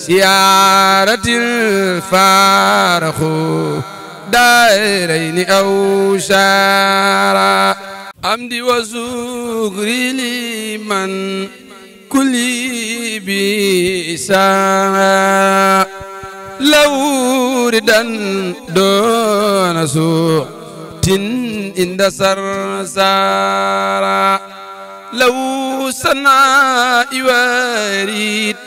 siyaaratil faaraxu daarayni aw saara amdi wa sukri liman kulli bi saara law ridan doona suutin inda sarsaara law sanaa iwarit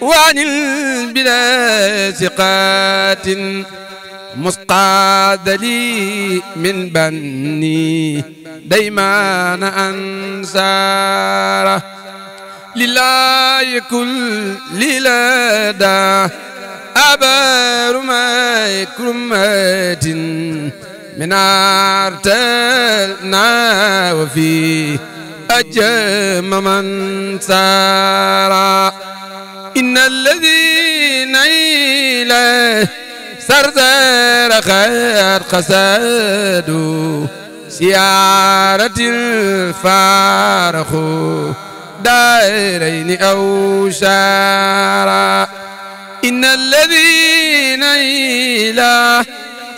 وعن البلا ثقات مسقاد لي من بني ديمان أنصاره لله كل للدى أبار ما كرمات من أرتلنا وفيه أجام من سارا إن الذين إليه سرزار خير خسادوا سيارة الفارخ دائرين أو شارا إن الذين إلى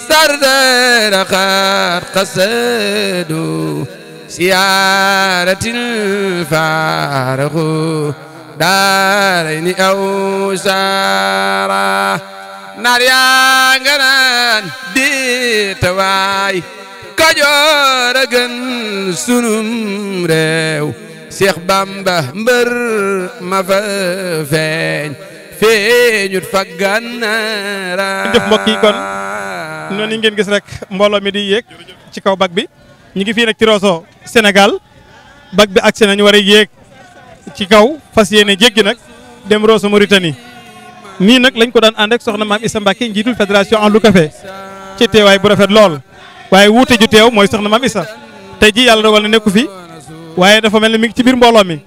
سرزار خير خسادوا siyaaratin faaraxu daarayni aw saara naar yaa nga naan diita waay Kajoor a gën sunum réew Seex Bamba mbër ma fa feeñ feeñut fa gànnaara jëf mbokk yi kon noonu ngeen gis rek mbooloo mi di yéeg ci kaw bag bi ñu ngi fii nag ci Rosso senegal bag bi agsi nañu war a yéeg ci kaw fas yéene jéggi nag dem Rosso Mauritanie nii nag lañ ko daan ànd ak soxna maam Issa Mbacke njiitul fédération lu Café ci teewaay bu rafet lool waaye wuute ju teew mooy soxna maam Issa te ji yàlla dogal na nekku fi waaye dafa mel ni mi ngi ci biir mbooloo mi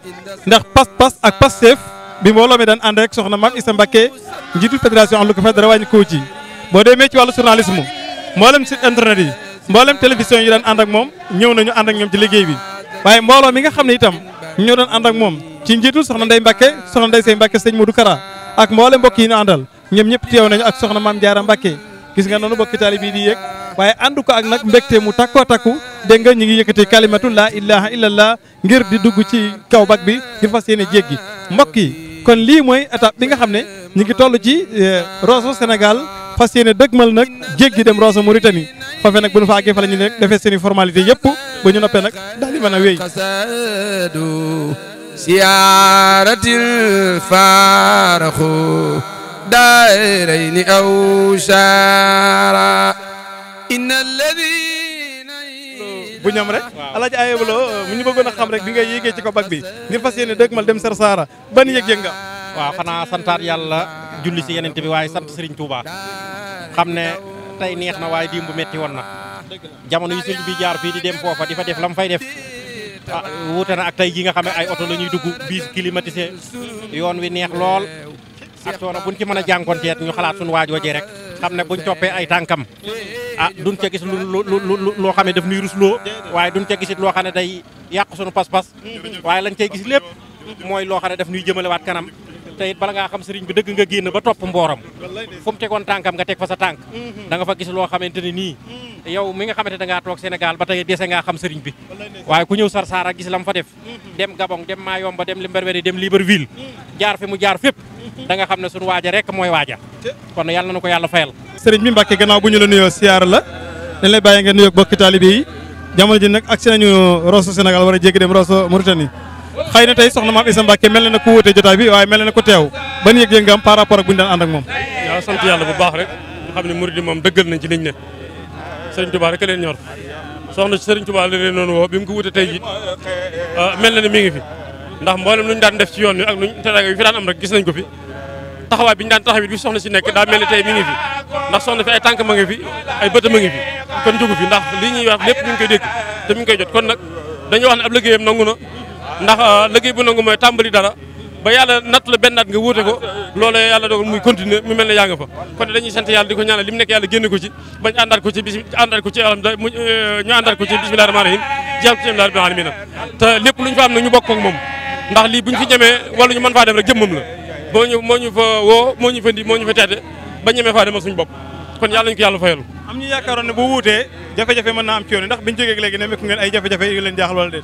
ndax pas-pas ak Pastef bi mbooloo mi daan ànd ak soxna maam Issa Mbacke njiitul fédération Anlou Café dara wàññi ko ci boo demee ci wàllu journalisme mboolem site internet yi mboolem télévision yi daan ànd ak moom ñëw nañu ànd ak ñoom ci liggéey bi waaye mbooloo mi nga xam ne itam ñoo doon ànd ak moom ci njiitul soxna Ndey Mbàkke soxna Ndey Sey Mbàkke sëñ du Kara ak mboole mbokk yi ñu àndal ñoom ñëpp teew nañu ak soxna Maam Jaara Mbàkke gis nga noonu bokki taali bii di yéeg waaye ànd ko ak nag mbégte mu takkoo takku dégg nga ñu ngi yëkkati kalimatu laa ilaha illallah ngir di dugg ci kaw bag bi ngir fas yéene jéggi mbokk yi kon lii mooy étape bi nga xam ne ñu ngi toll ci eh, Rosso Sénégal fas yéene dëgmal nag jéggi dem Rosso Mauritanie foofe nag bu ñu fa àggee fa la ñu nekk defee ñu noppee nag daal di mën a wéy siyaaratil faaraxu aw saara bu ñam rek alaaji ayeblo mu ñu bëggoon a xam rek bi nga yéegee ci ko bag bi ngir fas yéene dëgmal dem Sarsara ban yëg-yëg nga waaw xanaa santaat yàlla julli si yeneen bi waaye sant Serigne Touba xam ne tey neex na waaye dimbu metti woon na jamono yu Serigne bi jaar fii di dem foofa di fa def lam fay def wute ah, wuute na ak tey ji nga xam ne ay oto la ñuy dugg biis climatisé yoon wi neex lool ak toona buñ ci mën a jànkonteet ñu xalaat suñu waajoo ji rek xam ne buñ toppee ay tànkam a ah, duñ ca gis lu lu lu lu loo xam ne daf nuy rusloo waaye duñ ca gisit loo xam ne day yàq sunu pas-pas waaye lañ cay gis lépp mooy loo xam ne daf nuy jëmalewaat kanam te bala ngaa xam sëriñ bi dëgg nga génn ba topp mbooram fu mu tegoon tànkam nga teg fa sa tànk mhm. da nga fa gis loo xamante ne nii mhm. yow mi nga xamante da ngaa toog Sénégal ba tey dese ngaa xam sëriñ bi waaye ku ñëw sar a ak gis lam fa def mhm. dem Gabon dem Mayomba dem Limberweri dem Libreville jaar fi mu jaar fépp da nga xam ne suñu waaja rek mooy waaja kon yàlla na ko yàlla fayal sëriñ bi Mbàkke gannaaw bu ñu la nuyoo siyaar la dañ lay bàyyi nga nuyoo bokki taalibe a xëy na tey soxna maam Issa Mbacke mel na ne ku wóote jotaay bi waaye mel na ne ku teew ban yëg-yëg nga am par rapport ak bu ñu daan ànd ak moom waaw sant yàlla bu baax rek xam ne murid yi moom dëggal nañ ci liñ ne Serigne Touba rek leen ñor soxna si Serigne leen noonu woo bi mu ko wute tey ji ah, mel na ne mi ngi fi ndax mboolem lu ñu daan def ci yoon wi ak lu ñu teraanga yu fi daan am rek gis nañ ko fi taxawaay bi ñu daan taxawit bi soxna si nekk daa mel ni tey mi ngi fi ndax ma ngi fi ma ngi fi kon jógu fi ndax lii ñuy wax lépp ñu ngi koy dégg te ndax euh, liggéey bu nangu mooy tàmbali dara ba yàlla natt la benn at nga wuute ko loolu yàlla dogal muy continuer mu mel ne yaa nga fa kon dañuy sant yàlla di ko ñaanal li mu nekk yàlla génn ko ci bañ àndaat ko ci bis àndaat ko ci euh, ñu àndaat ko ci bismillahi ñu am na ñu bokk ak moom ndax lii bu ñu fi wala ñu mën faa dem rek jëmmam la boo ñu moo ñu fa woo moo ñu fa ndi moo ñu fa ba ñemee faa demal suñu bopp kon yàlla ñu ko yàlla fayal am ñu yaakaaroon ne bu wuutee jafe-jafe mën naa am ci yoon ndax biñu jógee mekku ngeen ay jafe-jafe yu leen jaaxal wala déet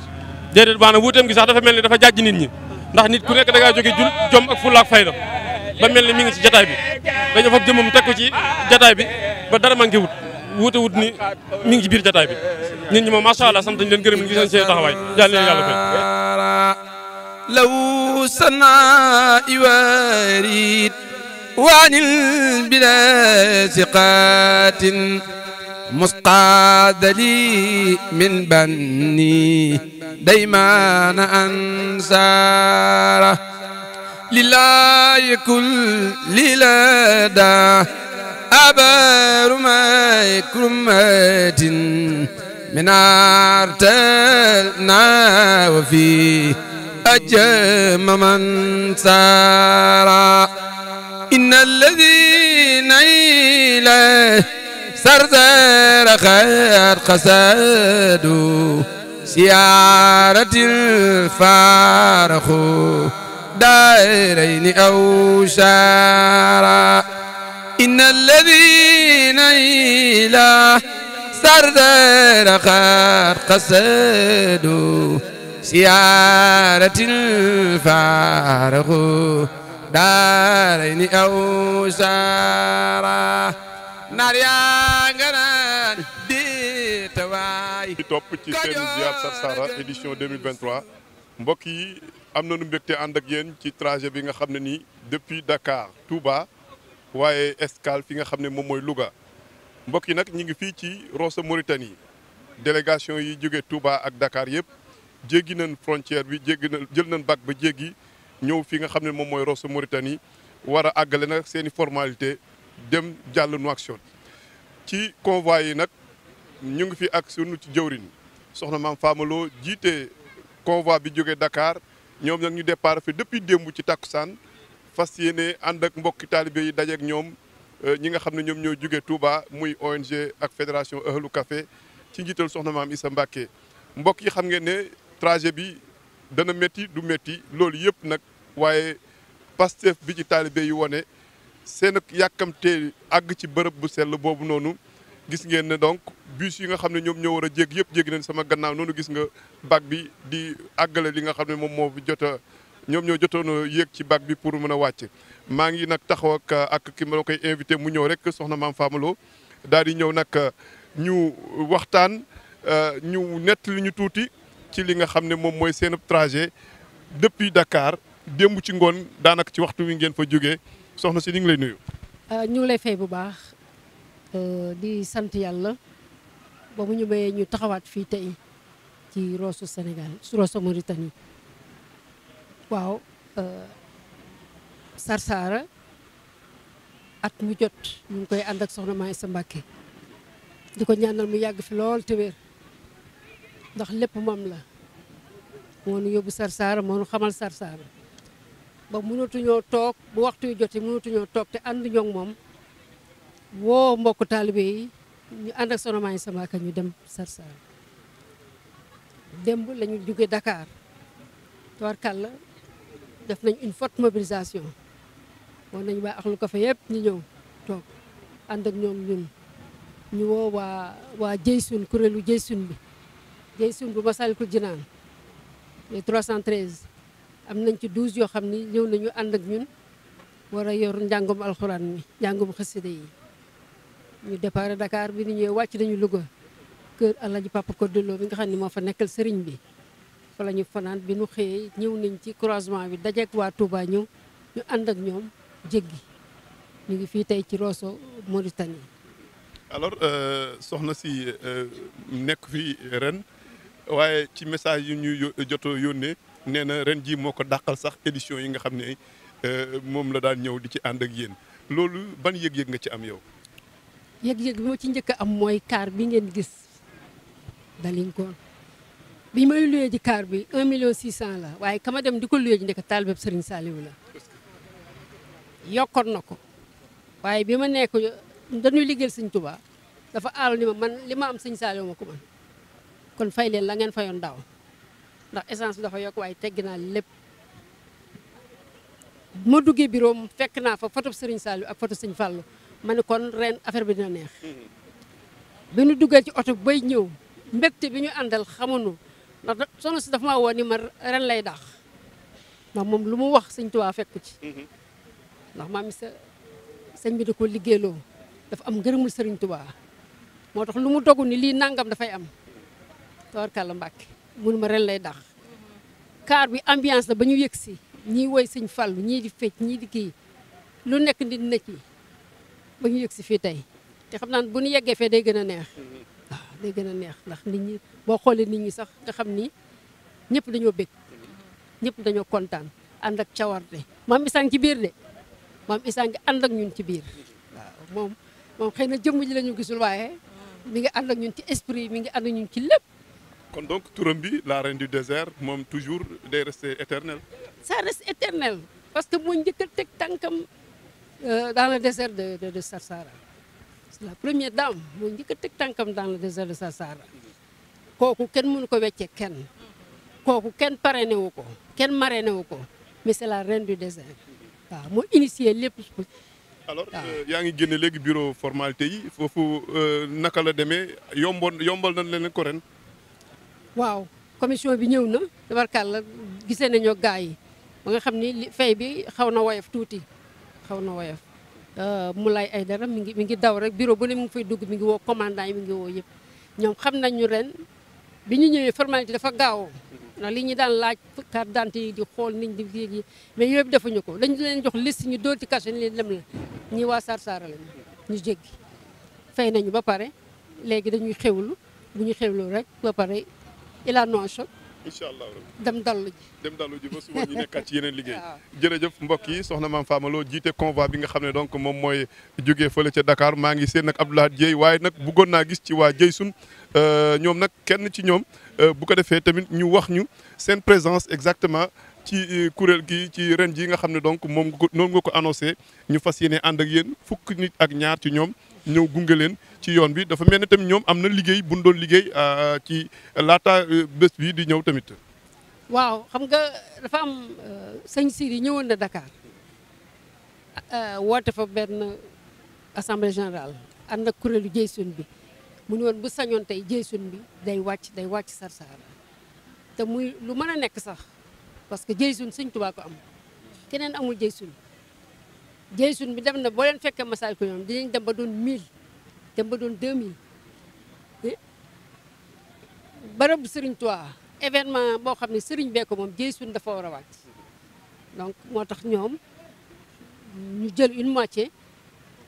déedéet baax na wuuteem gi sax dafa mel ni dafa jàjj nit ñi ndax nit ku nekk da ngaa jóge jul jom ak fulla ak fayda ba mel ni mi ngi ci jataay bi dañu foog jëmmam teg ko ci jataay bi ba dara manqué wut wuute wut ni mi ngi ci biir jataay bi nit ñi moom macha allah sant leen gërëm ñu ngi seen seen taxawaay yàlla leen yàlla fay law sana iwarit waanil bila siqaatin مسقاد لي من بني ديمان أنساره لله كل للدى أبر ما كرمات من أرتلنا وفي أجم من سارا إن الذين إليه سردار خير قساد سيارة الفارخ دائرين أو شارا إن الذين إلى سردار خير قساد سيارة الفارخ دارين أو شارا naar yaa nga naan di tawaay topp ci seen ziar Sarsara édition 2023 mbokk yi am na nañu mbégte ànd ak yéen ci trajet bi nga xam ne nii depuis Dakar Touba waaye escale fi nga xam ne moom mooy Louga mbokk yi nag ñu ngi fii ci Rosso Mauritanie délégation yi jóge Touba ak Dakar yëpp jéggi nañ frontière bi jéggi nañ jël nañ bac ba jéggi ñëw fi nga xam ne moom mooy Rosso Mauritanie war a àggale nag seen i formalité dem jàll Nouakchott ci convoi yi nag ñu ngi fi ak sunu ci jëwriñ soxna maam Famaloo jiite convoi bi jógee dakaar ñoom nag ñu départ fi depuis démb ci takkusaan fas yéene ànd ak mbokki taalibe yi dajeek ñoom euh, ñi nga xam ne ñoom ñoo jóge Touba muy ONG ak fédération Ahlou Café ci njiital soxna maam Issa Mbacké mbokk yi xam ngeen ne trajet bi dana métti du métti loolu yëpp nag waaye Pastef bi ci taalibe yi wane seen ak yàkkamtee àgg ci bërëb bu sell boobu noonu gis ngeen ne donc bus yi nga xam ne ñoom ñoo war a jéeg yëpp jéeg nañ sama gannaaw noonu gis nga bac bi di àggale li nga xam ne moom moo fi jot ñoom ñoo jotoon yéeg ci bac bi pour mën a wàcc. maa ngi nag taxaw ak ki ma invité mu ñëw rek soxna maam Famaloo daal di ñëw nag ñu waxtaan ñu nett li ñu tuuti ci li nga xam ne moom mooy seen trajet depuis Dakar démb ci ngoon daanaka ci waxtu wi ngeen fa jógee. soxna si ñu ngi lay nuyu. Euh, ñu ngi fay bu baax euh, di sant yàlla ba mu ñu béyee ñu taxawaat fii tey ci Rosso Sénégal Rosso Mauritanie waaw euh, Sarsara at mu jot ñu ngi koy ànd ak soxna sa Mbacké di ko ñaanal mu yàgg fi lool te ndax lépp moom la moo nu yóbbu Sarsara moo nu xamal Sarsara. ba mënatuñoo toog bu waxtu yu jotee mënatuñoo toog te ànduñoo ak moom woo mbokku taalibe yi ñu ànd ak sonomaay sama ak ñu dem Sarsara démb lañu ñu jóge Dakar tubarkàlla def nañ une forte mobilisation woon nañu waa axlu ko ñu ñëw toog ànd ak ñoom ñun ñu woo waa waa kurélu kuréelu Jeysun bi Jeysun bu Masalikul Jinaan les am nañ ci douze yoo xam ni ñëw nañu ànd ak ñun war a yor njàngum alxuraan mi njàngum xasida yi ñu départ dakaar bi ni ñëwee wàcc nañu Louga kër Alaaji Papa Kodolo bi nga xam ne moo fa nekkal sëriñ bi fa la ñu fanaan bi nu xëyee ñëw nañ ci croisement bi dajeek waa Touba ñëw ñu ànd ak ñoom jéggi ñu ngi fii tey ci Rosso Mauritanie. alors euh, soxna si euh, nekk fii ren waaye ci message yu ñu joto yónnee. nee na ren jii moo ko dàqal sax édition yi nga xam ne euh, moom la daan ñëw di ci ànd ak yéen loolu ban yëg-yëg nga ci am yow. yëg-yëg bi ma ci njëkk am mooy kaar bi ngeen gis Dalinkoor bi may luyee ji kaar bi 1 million 600 la waaye kama dem di ko luyee ji nekk taalibe Serigne Saliou la yokkoon na ko waaye bi ma nekk dañuy liggéeyal Serigne Touba dafa aalu ni ma man li ma am Serigne Saliou ma ko kon fay leen la ngeen fayoon daaw. ndax essance dafa yokk waaye tegg naa lépp ma duggee bureau fekk naa fa photo Serigne Saliou ak photo Serigne Fallou ma ne kon ren affaire bi dina neex bi ñu duggee ci oto bay ñëw mbégte bi ñu àndal xamuñu ndax si dafa ma woo ni ma ren lay daax ndax moom lu mu wax sëñ Tuubaa fekku ci ndax maam sa sëñ bi da ko liggéeyloo dafa am ngërëmul sëriñ Tuubaa moo tax lu mu dogu ni lii nangam dafay am tawarkàlla Mbàkke mun ma ren lay dax kaar bi ambiance la ba ñu yëg si ñii woy sëñ Fallu ñii di fecc ñii di kii lu nekk nit na ci ba ñu yëg si fii tey te xam naa bu ñu yeggee fee day gën a neex waaw day gën a neex ndax nit ñi boo xoolee nit ñi sax nga xam ni ñëpp dañoo bég ñëpp dañoo kontaan ànd ak cawarte maam Issa ngi ci biir de maam Issa ngi ànd ak ñun ci biir moom moom xëy na jëm ji la ñu gisul waaye mi ngi ànd ak ñun ci esprit mi nga ànd ak ñun ci lépp kon donc turam bi la reine du désert moom toujours de rester éternel. ça reste éternel parce que moo njëkk teg tànkam euh, dans le désert de de de Sarsara c'est la première a teg dans le désert de Sarsara kooku kenn mënu ko weccee kenn kooku kenn parrainé wu ko kenn marrainé wu ko mais c'est la reine du désert waaw moo initié lépp. alors euh, yaa ngi génne léegi bureau formalité yi foofu euh, naka la demee yomboon yombal nañ leen ko ren. waaw commission bi ñëw na tabarkàlla gisee nañoo gaa yi ba nga xam ni fay bi xaw na woyof tuuti xaw na woyof euh, Moulay Aydara mi ngi mi ngi daw rek bureau bu ne mu ngi fay dugg mi ngi woo commandant yi mi ngi woo yëpp ñoom xam nañu ren bi ñu ñëwee formalité dafa gaaw ndax li ñu daan laaj carte d'identité yi di xool nit ñi di yi mais yooyu defuñu ko dañu leen jox liste ñu dool ci cachet ni leen dem la ñi waa Sar Sara la ñu jéggi fay nañu ba pare léegi dañuy xewlu bu ñu xewlu rek ba pare ila noosu incha allah dem dallu ji dem dallu ji ba suba ñu nekkaat ci yeneen liggéey jërëjëf mbokk yi soxna maam Fama Lo jiite convoi bi nga xam ne donc moom mooy jógee fële ca Dakar maa ngi seen nag Abdoulaye Dieye waaye nag bëggoon naa gis ci waa Dieye sun euh, ñoom nag kenn ci ñoom euh, bu ko defee tamit ñu wax ñu seen présence exactement ci euh, kuréel gi ci ren ji nga xam ne donc moom noonu nga ko annoncé ñu fas yéene ànd ak yéen fukk nit ak ñaar ci ñoom ñëw gunge leen ci yoon bi dafa mel ne tamit ñoom am na liggéey bu ñu doon liggéey euh, ci laata euh, bés bi di ñëw tamit. waaw xam nga dafa am euh, sëñ yi ñëwoon na dakaar woote fa benn assemblée général am na kuréelu jëysun bi mu ne woon bu sañoon tey jëysun bi day wàcc day wàcc Sarsara te muy lu mën a nekk sax parce que jëysun sëñ Tuubaa ko am keneen amul jëysun jëy bi dem na boo leen fekkee massage ko ñoom dinañ dem ba doon 1000 dem ba doon 2000 bërëb sëriñ Touba événement boo xam ne sëriñ bee ko moom jëy suñ dafa war a wàcc donc moo tax ñoom ñu jël une moitié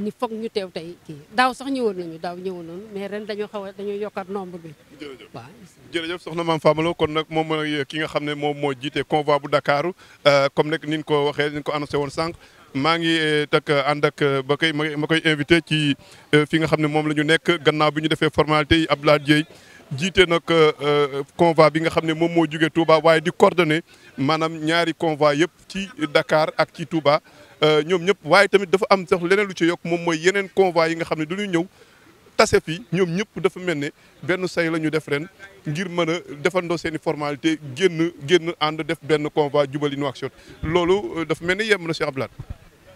ni foog ñu teew tey daaw sax ñëwoon nañu daaw ñëwoon nañu mais ren dañoo xaw a dañoo yokkaat nombre bi. jërëjëf waaw jërëjëf soxna maam Famalo kon nag moom mooy ki nga xam ne moom moo jiite convoi bu Dakar euh, comme nag ni ko waxee ni ñu ko annoncé woon sànq. maa ngi eh, tak eh, ànd ak eh, ba koy ma koy invité ci fi nga xam ne moom la ñu nekk gannaaw bi ñu defee formalité yi Abdoulaye Dieye jiite nag convoi bi nga xam ne moom moo jóge Touba waaye di coordonné maanaam ñaari convoi yëpp ci Dakar ak ci Touba ñoom ñëpp waaye tamit dafa am sax leneen lu ci yokk moom mooy yeneen convoi yi nga xam ne du ñu ñëw tase fi ñoom ñëpp dafa mel ne benn say la ñu def ren ngir mën a defandoo seeni i formalité génn génn ànd def benn convoi jubali Nouakchott loolu dafa mel ne yem na Cheikh Abdoulaye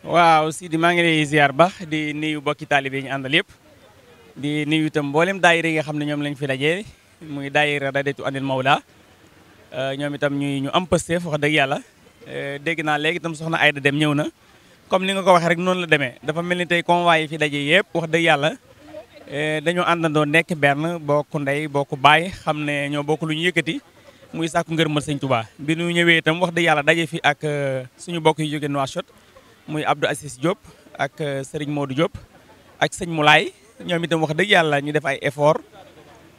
waaw di maa ngi lay ziar baax di nuyu bokki taalibee ñu àndal yëpp di nuyu itam mboolem daayira yi nga xam ne ñoom lañ fi dajee muy day daayira Radatou Anil Mawla euh, ñoom itam ñuy ñu am pësteef wax dëgg yàlla euh, dégg naa léegi itam soxna Ayda dem ñëw na comme ni nga ko waxee rek noonu la demee dafa mel ni tey convoi yi fi daje yëpp wax dëgg yàlla euh, dañoo àndandoo nekk benn bokk ndey bokk baay xam ne ñoo bokk lu ñu yëkkati muy sàkku ngërëmal sëñ Touba bi ñu ñëwee itam wax dëgg yàlla daje fi ak suñu bokk yu jóge Nouakchott muy Abdou Assis Diop ak euh, sëriñ moodu Diop ak sëñ mulaay ñoom itam wax dëgg yàlla ñu def ay effort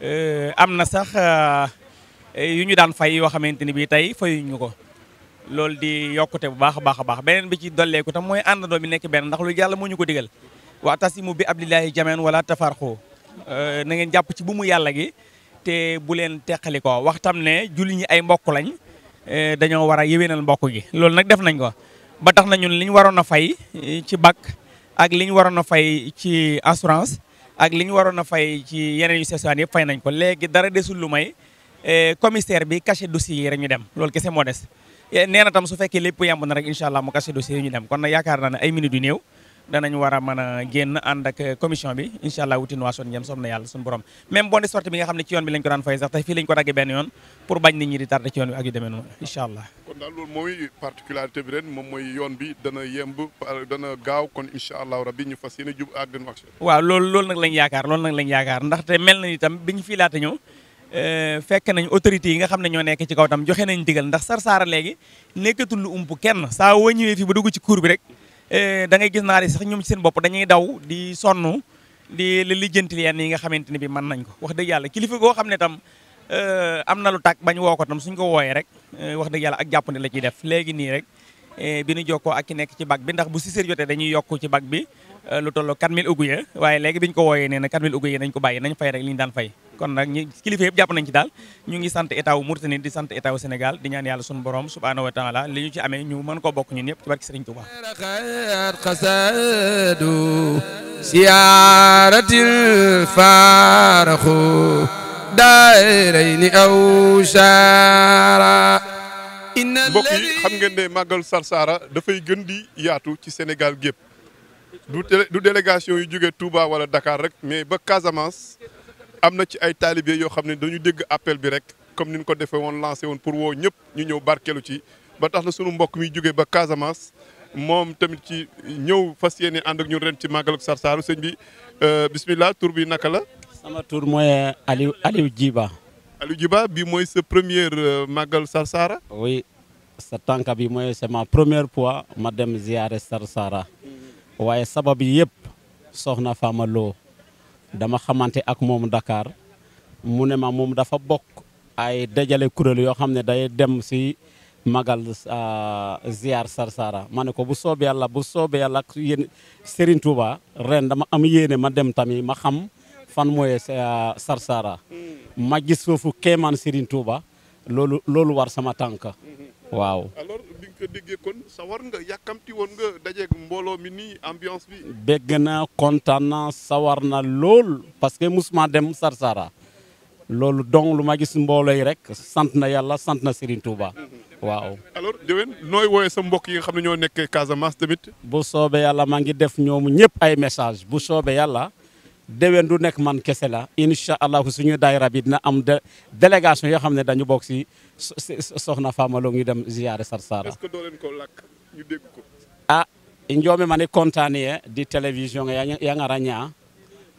euh, am na sax euh, yu ñu daan fay yoo xamante ni bii tey fayuñu ko loolu di yokkute bu baax a baax a baax beneen bi ci dolleeku tam mooy àndandoo bi nekk benn ndax lu yàlla moo ñu ko digal wa tasimu bi ablillahi jameen wala tafarqu na ngeen jàpp ci bu mu yàlla gi te bu leen teqali ko waxtam ne julli ñi ay mbokk lañ dañoo wara a mbokk gi loolu nag def nañ ko. ba tax na ñun li ñu waroon a fay eh, ci bac ak li ñu waroon a fay ci assurance ak li ñu waroon a fay ci yeneen yu sesaan yëpp fay nañ ko léegi dara desul lu may eh, commissaire bi caché dossier yi ñu dem loolu kese moo des eh, nee na tam su fekkee lépp yemb na rek incha allah mu caché dossier yi ñu dem kon yaakaar naa ne ay minutes yu néew danañ war man a génn ànd ak commission bi incha allah wuti waa son jëm som na yàlla suñu borom même bon di sortie bi nga xam ne moom mooy yoon bi gaaw kon incha allah rabbi ñu fas loolu loolu nag lañ yaakaar loolu nag lañ yaakaar ndaxte mel na itam bi ñu fii laata ñëw euh, fekk nañ autorités yi nga xam ne ñoo nekk ci kaw tam joxe nañ digal ndax Sarsara léegi nekkatul lu ump kenn saa woo ñëwee fii ba dugg ci cour bi rek Eh, da ngay gis naar yi sax ñoom ci seen bopp dañuy daw di sonn di li lijjanti yenn yi nga xamante ne bi mën nañ ko wax dëgg yàlla kilifa goo xam ne tam eh, am na lu tàkk bañ woo ko tam suñ ko wooyee rek eh, wax dëgg yàlla ak jàpp jàppandi la ciy def léegi nii rek bi ñu jokkoo ak nekk ci bag bi ndax bu 6 heures dañuy yokk ci bag bi Euh, lu tolloo 4000 ouguiya waaye léegi biñ ko wooyee nee na 4000 ouguiya nañ ko bàyyi nañ fay rek li ñu daan fay kon nag ñi kilifa yëpp jàpp nañ ci daal ñu ngi sant état wu Mauritanie di sant état wu Sénégal di ñaan yàlla sunu borom subhaanahu wa taala li ñu ci amee ñu mën koo bokk ñun ñëpp ci barke Sëriñ Tuuba xasadu siyaaratil faaraxu daarayni aw saara mbokk xam ngeen ne màggal Sarsara dafay gën di yaatu ci Sénégal gépp du du délégation yu jóge Touba wala Dakar rek mais ba Casamance am na ci ay taalibe yoo xam ne dañu dégg appel bi rek comme ni ñu ko defee woon lancé woon pour woo ñëpp ñu ñëw barkeelu ci ba tax na sunu mbokk mi jóge ba Casamance moom tamit ci ñëw fas yéene ànd ak ñun ren ci màggalug Sarsara sëñ bi euh, bismillah tur bi naka la. sama tur mooy Aliou Aliou Djiba. Aliou Djiba bi mooy sa première euh, màggal Sarsara. oui sa tànk bi mooy c'est première pois ma dem ziare Sarsara. waaye sabab yëpp soxna Fama Lo dama xamante ak moom dakaar mu ne ma moom dafa bokk ay dajale kuréel yoo xam ne day dem si magal euh, ziar Sarsara ma ne ko bu soobee yàlla bu soobee yàlla ak yéen Serigne ren dama am yéene ma dem tami ma xam fan mooy euh, Sarsara mm. ma gis foofu kéemaan Serigne Touba loolu loolu war sama tànk mm-hmm. waaw ah, ko sa war nga yàkkamti woon nga dajeeg mbooloo mi nii ambiance bi. bégg na kontaan na sawar na lool parce que musuma dem Sarsara loolu donc lu ma gis mbooloo yi rek sant na yàlla sant na serin Touba waaw. alors déwén nooy woowee sa mbokk yi nga xam ne ñoo nekk Casamance tamit. bu soobee yàlla maa ngi def ñoomu ñëpp ay message bu soobee yàlla. déwén du nekk man kese la incha allah suñu daayira bi dina am de délégation yoo xam ne dañu bokk si soxna Fama Lo ngi dem ziyaare Sarsara. est-ce que doo leen ko lakk ñu dégg ko. Ah, di télévision yanga raña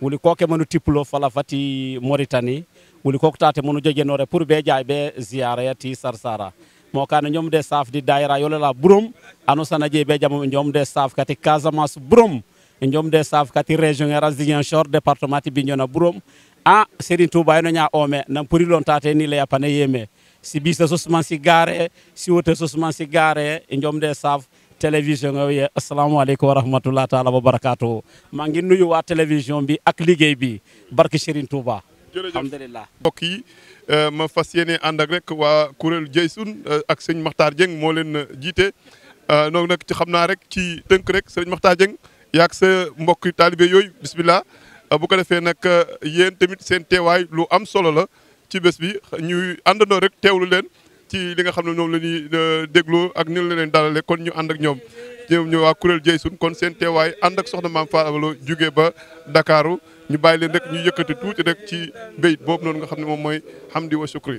wuli koke manu tiplo fala fati Mauritanie wuli kok tate manu jogenore pour be jay be ziyaare ti Sarsara mo kane ñom de saf di daayira yolela burum anu sana je be jamu ñom de saf kati Casamance burum jomde e safkati région era ziguinchor département ti biñona ɓuurom an ah, sérin touba eno ña ome nan pori lon tate ni leya pane yeme si bisa sosman si gare si wote sosman si gare e jomde saf télévision o wiye assalamu aleykum wa rahmatullah taala wabarakatuhu ma ngi nuyu wa télévision bi ak liggéey bi barki sérin touba alhamdulillah mbokk yi euh, ma fas yéene ànd ak rek waa kuréel Jeysun euh, ak sëñ Makhtar Dieng moo leen jiite euh, donc nag ci xam naa rek ci tënk rek sëñ Makhtar yaag sa mbokk taalibe yooyu bismillah euh, bu ko defee nag euh, yéen tamit seen teewaay lu am solo la ci bés bi ñuy àndandoo rek teewlu leen ci li nga xam ne ñoom la ñuy euh, dégloo ak ni la leen dalale kon ñu ànd ak ñoom ñoom ñu waa kuréel suñ kon seen teewaay ànd ak soxna maam Fatou Abalo jugee ba Dakaru ñu bàyyi leen rek ñu yëkkati tuuti rek ci béyit boobu noonu nga xam ne moom mooy hamdi wa shukri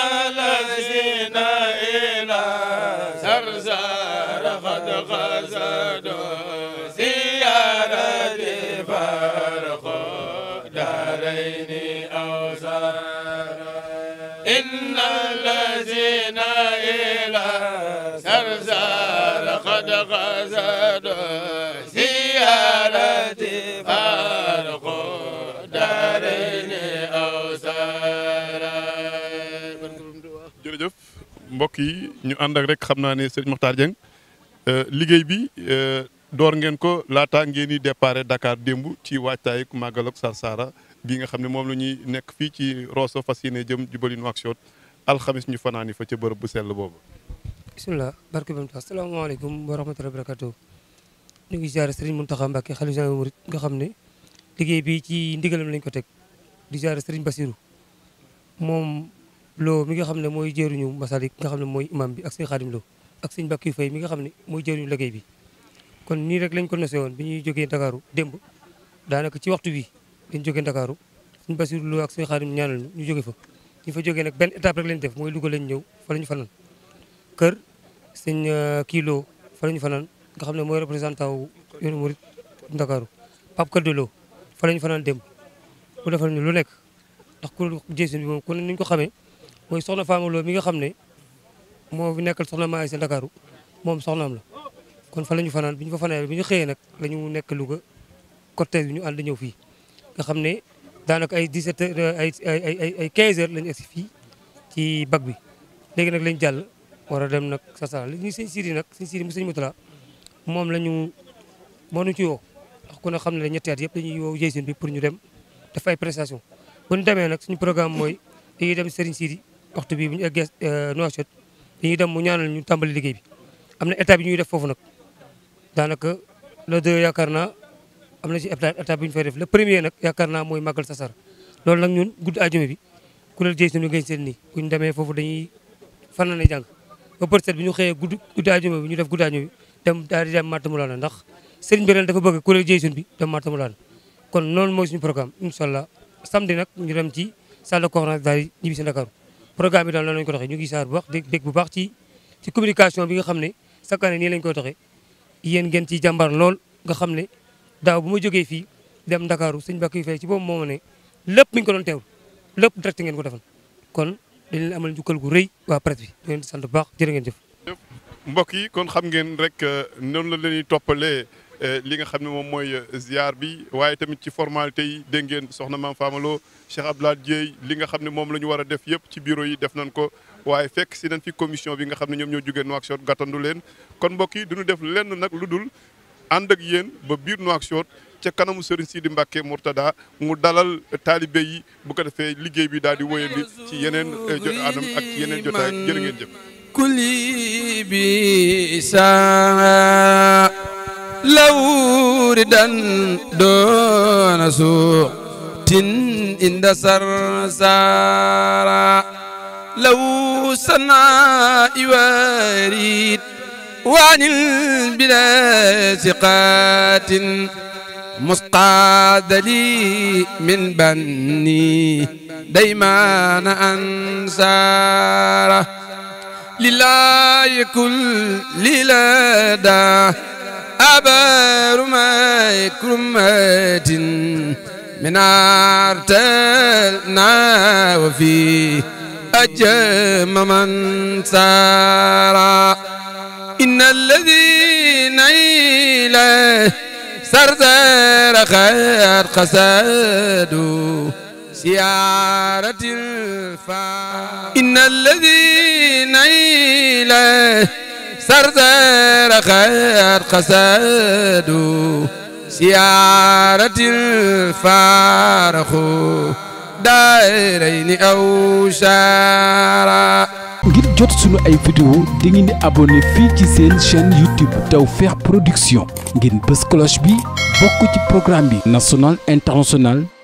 الذين إلى زرزار قد قد mbokk yi ñu ànd ak rek xam naa ne sëriñ Mokhtar Dieng euh, liggéey bi euh, door ngeen ko laata ngeen di départ Dakar démb ci waajtaay ku màggal ak Sarsara gi nga xam ne moom la ñuy nekk fii ci Rosso fas yéene jëm jubali Nouakchott alxamis ñu fanaani fa ca bërëb bu sell boobu. bisimilah barke bam asalaamaaleykum wa rahmatullahi wa barakatuh ñu ngi ziare sëriñ Mountakha Mbacké xalifa général murid nga xam ne liggéey bi ci ndigalam lañ ko teg di ziare sëriñ Bassirou moom. loo mi nga xam ne mooy jëriñu Masalik nga xam ne mooy imam bi ak sëñ Xaadim Lo ak sëñ Bakki Fay mi nga xam ne mooy jëriñu liggéey bi kon nii rek lañ ko nosee woon bi ñuy jógee Ndakaaru démb daanaka ci waxtu bi dañ jógee Ndakaaru sëñ Basiru Lo ak sëñ Xaadim ñaanal ñu ñu jóge fa ñu fa jógee nag benn étape rek lañ def mooy Louga lañ ñëw fa lañu fanaan kër sëñ euh, kii Lo fa lañu fanaan nga xam ne mooy représentant wu yoonu murit Ndakaaru Pape Kaddo Lo fa lañu fanaan démb bu defal ñu lu nekk ndax kuréel jéesuñ bi moom ku ne ko xamee mooy soxna Fama Lo mi nga xam ne moo fi nekkal soxna Maay si Ndakaaru moom soxnaam la kon fa la ñu fanaan bi ñu fa fanaan bi ñu xëyee nag la nekk Louga cortège bi ñu ànd ñëw fii xam ne daanaka ay 17 heures ay ay ay ay 15 fii ci bag bi léegi nag lañ jàll war dem nag Sarsara li ñuy sëñ Sidi nag sëñ Sidi mu sëñ Mutala moom la ñu moo ñu ci woo ndax ku xam ne ñetti at yëpp dañuy woo jëy seen bi pour ñu dem def ay prestation bu ñu demee nag suñu programme mooy dañuy dem Serigne Sidi waxtu bi bu ñu eggee euh, Nouakchott dañuy dem mu ñaanal ñu tàmbali liggéey bi am na étape ñuy def foofu nag daanaka le deux yaakaar naa am na ci étape bi ñu fay def le premier nag yaakaar naa mooy màggal sasar loolu nag ñun gudd àjjuma bi kuréel jëy suñu ngeen seen nii bu ñu demee foofu dañuy fanaane jàng ba peut être bi ñu xëyee gudd gudd àjjuma bi ñu def gudd àjjuma bi dem daal di dem Matamulana ndax sëriñ bi ren dafa bëgg kuréel jëy suñ bi dem Matamulana kon noonu mooy suñu programme incha allah samedi nag ñu dem ci salle de conférence daal di ñibbi si Ndakaaru programme bi daal noonu ko doxee ñu ngi saar bu baax di bu baax ci ci communication bi nga xam ne chaque année nii lañu koy doxee yéen ngeen ciy jàmbar lool nga xam ne daaw bu ma jógee fi dem Ndakaaru sëñ Bakio Faye ci boobu moo ma ne lépp mi ngi ko doon teewlu lépp direct ngeen ko defal kon dañ leen amal njukkal gu rëy waa presse bi di leen sant bu baax jërë ngeen jëf. mbokk yi kon xam ngeen rek euh, noonu la leen di toppalee Euh, li nga xam ne moom mooy euh, ziar bi waaye tamit ci formalité yi dégg ngeen soxna maam Famaloo Cheikh Abdoulaye Dieye li nga xam ne moom la ñu war a def yëpp ci bureau yi def nañ ko waaye fekk si nañ fi commission bi nga xam ne ñoom ñoo jógee Nouakchott gàttandu leen kon mbokk yi duñu def lenn nag lu dul ànd ak yéen ba biir Nouakchott ca kanamu Serigne Sidi Mbacke Mourtada mu dalal taalibe yi bu ko defee liggéey bi daal di wóyandi ci yeneen euh, jot anam ak yeneen jotaay jërë ngeen jëf. lawri dan doona suuxtin inda sarsara law sanaa'i waarid waanil bilaasi qaatin musqaada lii min banni daymaana ansaara lillaahi kulli ladaa أبار ما كرمات من أرتلنا وفي أجم من سارا إن الذين إلى سرزر خير خسادوا سيارة الفا إن الذين إلى سردار خير قسد سيارة الفارخ دائرين أو شارع ngir jot sunu ay vidéo di ngeen di fii ci seen chaîne YouTube Tawfekh Production ngeen bës cloche bi bokk ci programme bi national international